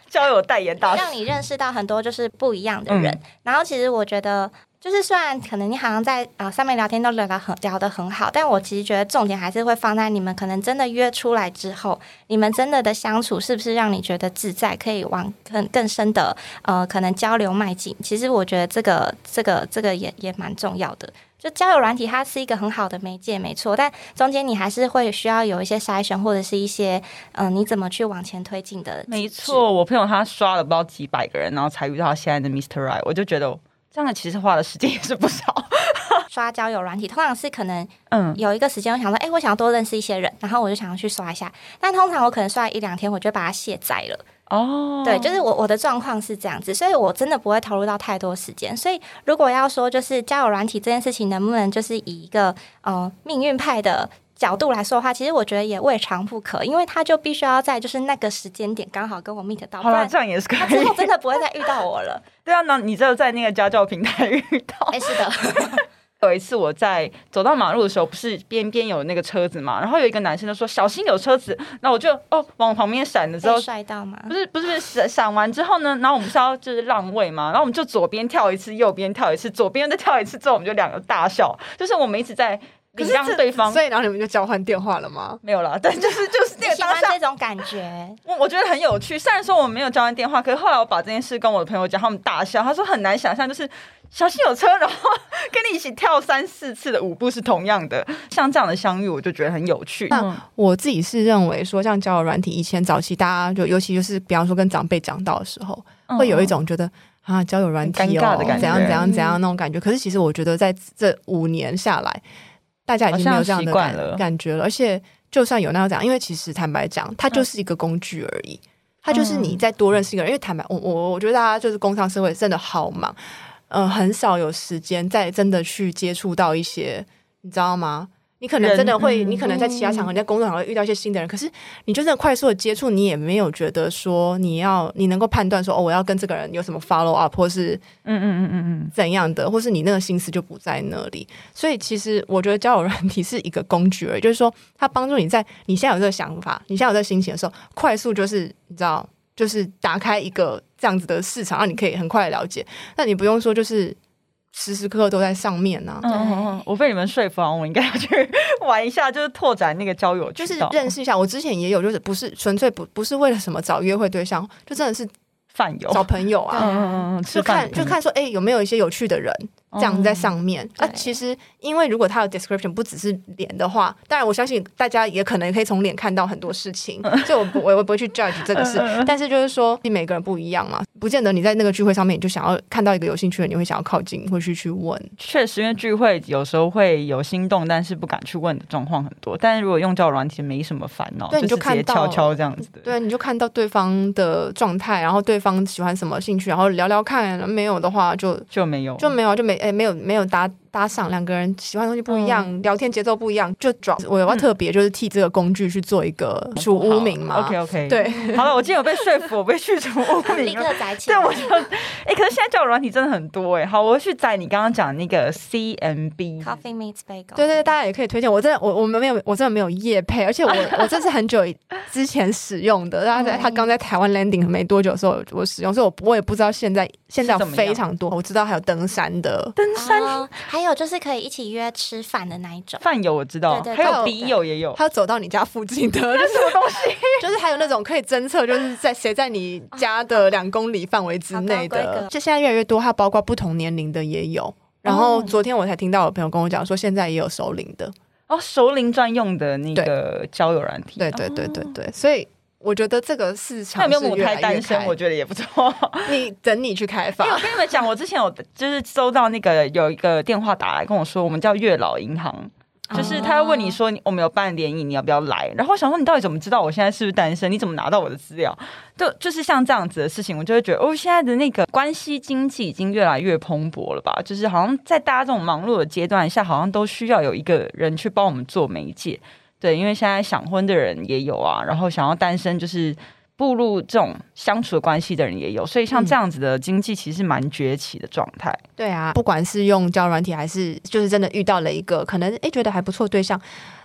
交友代言大使， 讓你認識到很多就是不一樣的人。嗯、然後其實我覺得，就是雖然可能你好像在啊、呃、上面聊天都聊的很聊的很好，但我其實覺得重點還是會放在你們可能真的約出來之後，你們真的的相處是不是讓你覺得自在，可以往更更深的呃可能交流邁進。其實我覺得這個這個這個也也蠻重要的。就交友軟體，它是一個很好的媒介，沒錯。但中間你還是會需要有一些篩選，或者是一些，嗯、呃，你怎麼去往前推進的？沒錯，我朋友他刷了不知道幾百個人，然後才遇到現在的 Mr. Right。我就覺得，這樣的其實花的時間也是不少。 刷交友軟體，通常是可能，嗯，有一個時間，我想說，哎、嗯欸，我想要多認識一些人，然後我就想要去刷一下。但通常我可能刷一兩天，我就把它卸載了。哦、oh.，對，就是我我的狀況是這樣子，所以我真的不會投入到太多時間。所以如果要說就是交友軟體這件事情，能不能就是以一個嗯、呃、命運派的角度來說的話，其實我覺得也未嘗不可，因為他就必須要在就是那個時間點剛好跟我 meet 到。好啦，這樣也是可以。他之後真的不會再遇到我了。 對啊，那你只有就在那個家教平台遇到、欸。哎，是的。 有一次我在走到馬路的時候，不是邊邊有那個車子嘛，然後有一個男生就說小心有車子，那我就哦往旁邊閃了之後，摔到嗎？不是不是，閃閃完之後呢，然後我們是要就是讓位嘛，然後我們就左邊跳一次，右邊跳一次，左邊再跳一次之後，我們就兩個大笑，就是我們一直在。讓可是對方，所以然後你們就交換電話了嗎？沒有啦， 但就是就是那個當下那種感覺，我我覺得很有趣。雖然說我沒有交換電話，可是後來我把這件事跟我的朋友講，他們大笑。他說很難想象，就是小心有車，然後跟你一起跳三四次的舞步是同樣的。像這樣的相遇，我就覺得很有趣。嗯、那我自己是認為說，像交友軟體，以前早期大家就尤其就是比方說跟長輩講到的時候，嗯、會有一種覺得啊，交友軟體尷、哦、尬的感覺，怎樣怎樣怎樣那種感覺。嗯、可是其實我覺得在這五年下來。大家已經沒有這樣的感覺了，了而且就算有那樣講，因為其實坦白講，它就是一個工具而已，嗯、它就是你再多認識一個人。嗯、因為坦白，我我我覺得大家就是工商社會真的好忙，嗯、呃，很少有時間再真的去接觸到一些，你知道嗎？你可能真的會、嗯，你可能在其他場合、在工作場合會遇到一些新的人，嗯、可是你就算快速的接觸，你也沒有覺得說你要，你能夠判斷說哦，我要跟這個人有什麼 follow up 或是，嗯嗯嗯嗯嗯怎樣的、嗯嗯嗯，或是你那個心思就不在那裡。所以其實我覺得交友軟體是一個工具而已，就是說它幫助你在你現在有這個想法、你現在有這個心情的時候，快速就是你知道，就是打開一個這樣子的市場，讓你可以很快的了解。那你不用說就是。時時刻刻都在上面呢。我被你們說服，我應該要去玩一下，就是拓展，那個交友，就是認識一下。我之前也有，就是不是純粹不不是為了什麼找約會對象，就真的是泛友找朋友啊，嗯嗯嗯，就看就看說，哎，有沒有一些有趣的人。這樣在上面、嗯、啊，其實因為如果他的 description 不只是臉的話，當然我相信大家也可能可以從臉看到很多事情，所以我我也不會去 judge 這個事。 但是就是說，你每個人不一樣嘛，不見得你在那個聚會上面你就想要看到一個有興趣的，你會想要靠近，會去去問。確實，因為聚會有時候會有心動，但是不敢去問的狀況很多。但是如果用交友軟體，沒什麼煩惱，你就看到，悄悄這樣子。對，你就看到對方的狀態，然後對方喜歡什麼興趣，然後聊聊看。沒有的話就，就就沒有，就沒有，就沒。誒，沒有，沒有搭搭上兩個人喜歡的東西不一樣，嗯、聊天節奏不一樣，就找、嗯、我要特別就是替這個工具去做一個除污、嗯、名嘛。好好 OK OK，對 好了，我今天有被說服，我被去除污名， 對，我就哎、欸，可是現在這種軟體真的很多哎、欸。好，我去載你剛剛講那個 CMB Coffee Meets Bagel 對，對對，大家也可以推薦。我真的我我們沒有我真的沒有業配，而且我我這是很久之前使用的，然 後在他剛在台灣 landing 沒多久的時候我使用，所以我我也不知道現在現在有非常多。我知道還有登山的，登山 有就是可以一起約吃飯的那一種，飯友我知道，對對還有筆友也有，他走到你家附近的，那什麼東西？就是還有那種可以偵測，就是在誰在你家的兩公里範圍之內的、哦，就現在越來越多，還有包括不同年齡的也有、嗯。然後昨天我才聽到我朋友跟我講說，現在也有熟齡的哦，熟齡專用的那個交友軟體，對對對，對對對對，哦、所以。我覺得這個市場有沒有母胎單身，我覺得也不錯，你等你去開發。因為我跟你們講，我之前有就是收到那個有一個電話打來跟我說，我們叫月老銀行，就是他問你說、哦、你我們有辦聯誼，你要不要來？然後我想說，你到底怎麼知道我現在是不是單身？你怎麼拿到我的資料？就就是像這樣子的事情，我就會覺得，哦，現在的那個關係經濟已經越來越蓬勃了吧？就是好像在大家這種忙碌的階段下，好像都需要有一個人去幫我們做媒介。對，因為現在想婚的人也有啊，然後想要單身就是步入這種相處關係的人也有，所以像這樣子的經濟其實蠻崛起的狀態。嗯、對啊，不管是用交友軟體，還是就是真的遇到了一個可能哎覺得還不錯對象，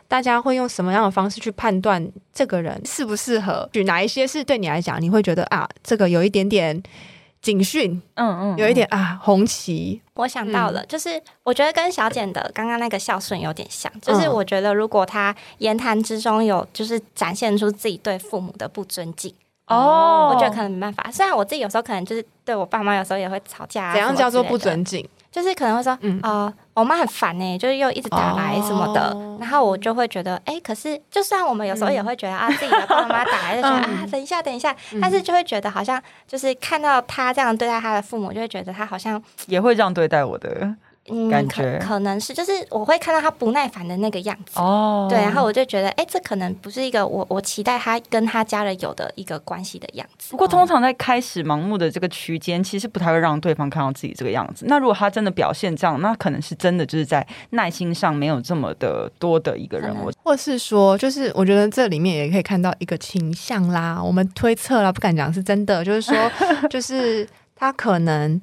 大家會用什麼樣的方式去判斷這個人適不適合？舉哪一些是對你來講，你會覺得啊這個有一點點。警訊，嗯嗯、嗯，有一點啊，紅旗。我想到了，嗯、就是我覺得跟小簡的剛剛那個孝順有點像，嗯、就是我覺得如果他言談之中有，就是展現出自己對父母的不尊敬，嗯、哦，我覺得可能沒辦法。雖然我自己有時候可能就是對我爸媽有時候也會吵架。啊，怎樣叫做不尊敬？就是可能會說，嗯啊、呃。我媽很煩呢、欸，就是又一直打來什麼的，哦、然後我就會覺得，哎、欸，可是就算我們有時候也會覺得、嗯、啊，自己的爸媽打來就覺得 啊，等一下，等一下，嗯、但是就會覺得好像就是看到他這樣對待他的父母，就會覺得他好像也會這樣對待我的。感、嗯、覺可，可能是，就是我會看到他不耐煩的那個樣子，哦，對，然後我就覺得，哎、欸，這可能不是一個我我期待他跟他家人有的一個關係的樣子。哦、不過，通常在開始盲目的這個區間，其實不太會讓對方看到自己這個樣子。那如果他真的表現這樣，那他可能是真的就是在耐心上沒有這麼的多的一個人我，或是說，就是我覺得這裡面也可以看到一個傾向啦。我們推測啦，不敢講是真的，就是，就是說， 就是他可能。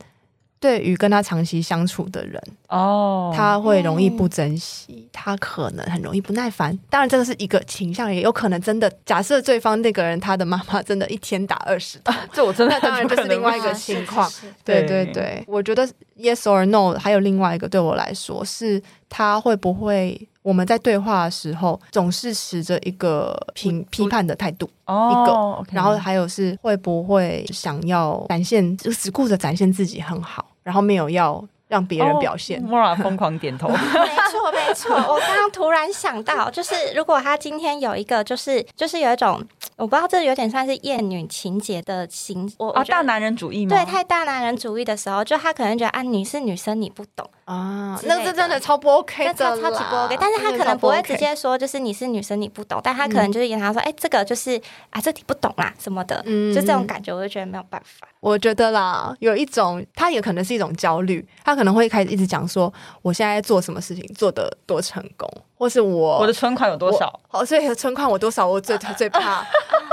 對於跟他長期相處的人，哦，他會容易不珍惜，哦、他可能很容易不耐煩。當然，這個是一個傾向，也有可能真的假設對方那個人他的媽媽真的一天打二十通，這我真的當然就是另外一個情況。啊、是是是對對對，我覺得 yes or no 還有另外一個對我來說是，他會不會？我們在對話的時候，總是持着一個評批判的態度，一個，然後還有是會不會想要展現，就只顧着展現自己很好，然後沒有要讓別人表現。Oh，Moira 瘋狂點頭。 沒錯沒錯，我剛剛突然想到，就是如果他今天有一個，就是就是有一種，我不知道這有點算是厭女情節的情。我哦、啊、大男人主義嗎？對，太大男人主義的時候，就他可能覺得啊，你是女生，你不懂。啊，那這真的超不 OK 的，那超超級不 OK。但是他可能不會直接說，就是你是女生你不懂，不 OK、但他可能就是跟他說，哎、嗯欸，這個就是啊，這你不懂啦什麼的、嗯，就這種感覺，我就覺得沒有辦法。我覺得啦，有一種，他也可能是一種焦慮，他可能會開始一直講說，我現在做什麼事情做得多成功，或是我我的存款有多少，哦，所以存款我多少，我最、啊、最怕，就、啊啊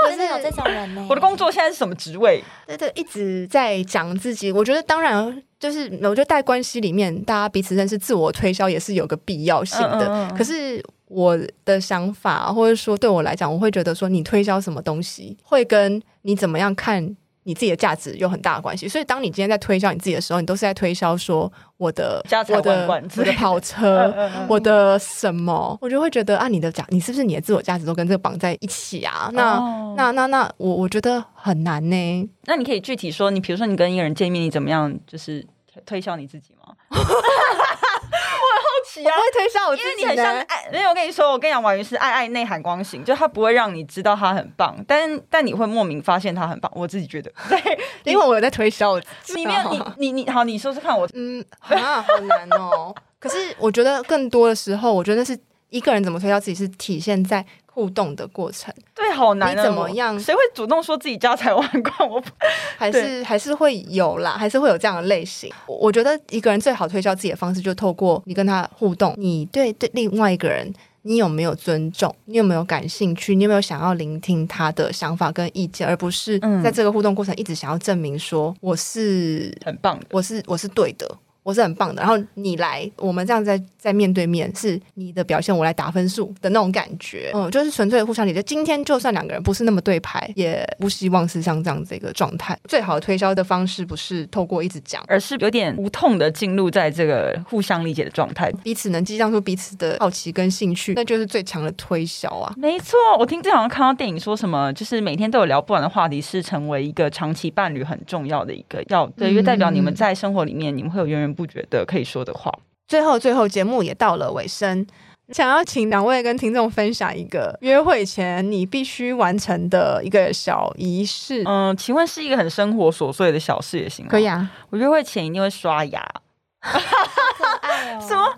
啊、是有這種人呢。我的工作現在是什麼職位？的職位對，對對，一直在講自己。我覺得當然。就是，我覺得在關係裡面，大家彼此認識，自我推銷也是有個必要性的，嗯嗯嗯。可是我的想法，或者說對我來講，我會覺得說，你推銷什麼東西，會跟你怎麼樣看你自己的價值有很大的關係。所以，當你今天在推銷你自己的時候，你都是在推銷說我的、我的、我的跑車的、我的什麼，我就會覺得，按、啊、你的講，你是不是你的自我價值都跟這個綁在一起啊、哦？那、那、那、那，我我覺得很難呢、欸。那你可以具體說，你比如說你跟一個人見面，你怎麼樣？就是。推銷你自己嗎？ 我很好奇啊，我不會推銷我自己的，因為你很像愛。因為我跟你說，我跟你講，楊云是愛愛內涵光型，就他不會讓你知道他很棒，但但你會莫名發現他很棒。我自己覺得，對，因為我有在推銷。 你沒有？你你你，你好，你說說看我，我嗯好、啊，好難哦。 可是我覺得更多的時候，我覺得是一個人怎麼推銷自己，是體現在。互動的過程，對，好難的。你怎麼樣？誰會主動說自己家財萬貫？我，很我還是還是會有啦，還是會有這樣的類型。我，我覺得一個人最好推銷自己的方式，就透過你跟他互動，你對，對另外一個人，你有沒有尊重？你有沒有感興趣？你有沒有想要聆聽他的想法跟意見？而不是在這個互動過程一直想要證明說我是很棒，我是我是對的。我是很棒的，然後你來，我們這樣在在面對面，是你的表現，我來打分數的那種感覺，嗯，就是純粹的互相理解。今天就算兩個人不是那麼對牌，也不希望是像這樣子一個狀態。最好的推銷的方式不是透過一直講，而是有點無痛的進入在這個互相理解的狀態，彼此能激發出彼此的好奇跟興趣，那就是最強的推銷啊。沒錯，我聽這好像看到電影說什麼，就是每天都有聊不完的話題，是成為一個長期伴侶很重要的一個要，對，因為代表你們在生活裡面，你們會有源源。不覺得可以說的話。最後，最後節目也到了尾聲，想要請兩位跟聽眾分享一個約會前你必須完成的一個小儀式。嗯，請問是一個很生活瑣碎的小事也行嗎？可以啊，我約會前一定會刷牙。 什麼？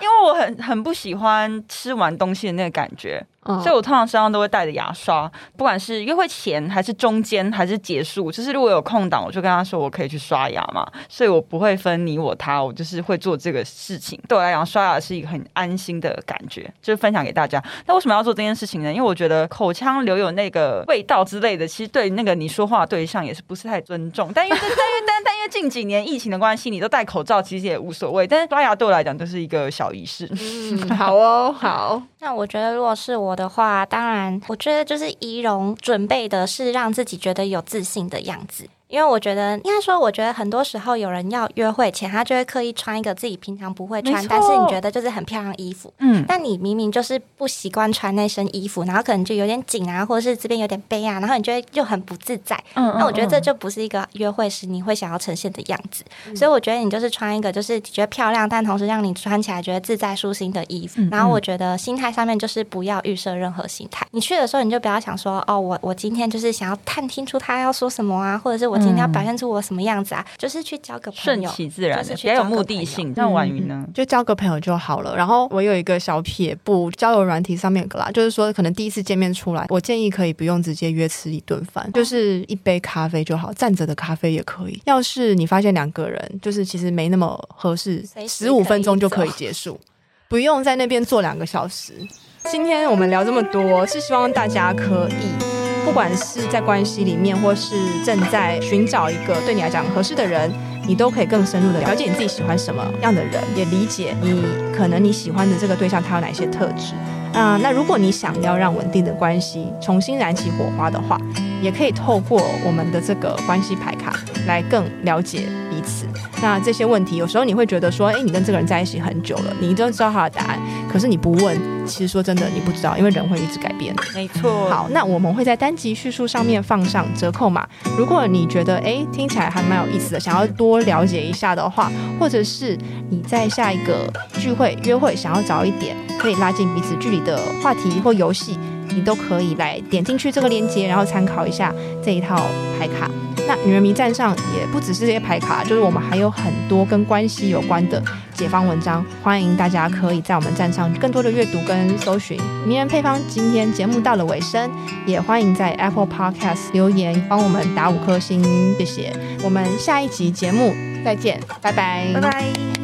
因為我很很不喜歡吃完東西的那個感覺。所以，我通常身上都會帶着牙刷，不管是約會前，還是中間，還是結束，就是如果有空檔，我就跟他說我可以去刷牙嘛。所以我不會分你我他，我就是會做這個事情。對我來講，刷牙是一個很安心的感覺，就是分享給大家。那為什麼要做這件事情呢？因為我覺得口腔留有那個味道之類的，其實對那個你說話的對象也是不是太尊重。但因為但因但但因為近幾年疫情的關係，你都戴口罩，其實也無所謂。但是刷牙對我來講就是一個小儀式。嗯，好哦，好。 那我覺得，如果是我的話，當然，我覺得就是儀容準備的是讓自己覺得有自信的樣子。因為我覺得，應該說，我覺得很多時候有人要約會前，他就會刻意穿一個自己平常不會穿，但是你覺得就是很漂亮的衣服。嗯。但你明明就是不習慣穿那身衣服，然後可能就有點緊啊，或者是這邊有點背啊，然後你覺得又很不自在。嗯。那我覺得這就不是一個約會時你會想要呈現的樣子。嗯、所以我覺得你就是穿一個就是覺得漂亮，但同時讓你穿起來覺得自在舒心的衣服。嗯、然後我覺得心態上面就是不要預設任何心態。嗯。你去的時候你就不要想說哦，我我今天就是想要探聽出他要說什麼啊，或者是我。你、嗯、要表現出我什麼樣子啊？就是去交個朋友，順其自然的，不、就是、有目的性。那婉瑜呢？就交個朋友就好了。然後我有一個小撇步，交友軟體上面有個啦，就是說可能第一次見面出來，我建議可以不用直接約吃一頓飯、哦，就是一杯咖啡就好，站着的咖啡也可以。要是你發現兩個人就是其實沒那麼合適，十五分鐘就可以結束，不用在那邊坐兩個小時。今天我們聊這麼多，是希望大家可以，不管是在關係裡面，或是正在尋找一個對你來講合適的人，你都可以更深入的了解你自己喜歡什麼樣的人，也理解你可能你喜歡的這個對象他有哪些特質。啊、嗯，那如果你想要讓穩定的關係重新燃起火花的話，也可以透過我們的這個關係牌卡來更了解彼此。那這些問題，有時候你會覺得說，哎、欸，你跟這個人在一起很久了，你都知道他的答案。可是你不問，其實說真的，你不知道，因為人會一直改變。沒錯。好，那我們會在單集敘述上面放上折扣碼。如果你覺得哎、欸、聽起來還蠻有意思的，想要多了解一下的話，或者是你在下一個聚會、約會，想要找一點可以拉近彼此距離的話題或遊戲。你都可以來點進去這個鏈接，然後參考一下這一套牌卡。那女人迷站上也不只是這些牌卡，就是我們還有很多跟關係有關的解方文章，歡迎大家可以在我們站上更多的閱讀跟搜尋。迷人配方今天節目到了尾聲，也歡迎在 Apple Podcast 留言幫我們打五顆星，謝謝。我們下一集節目再見，拜拜，拜拜。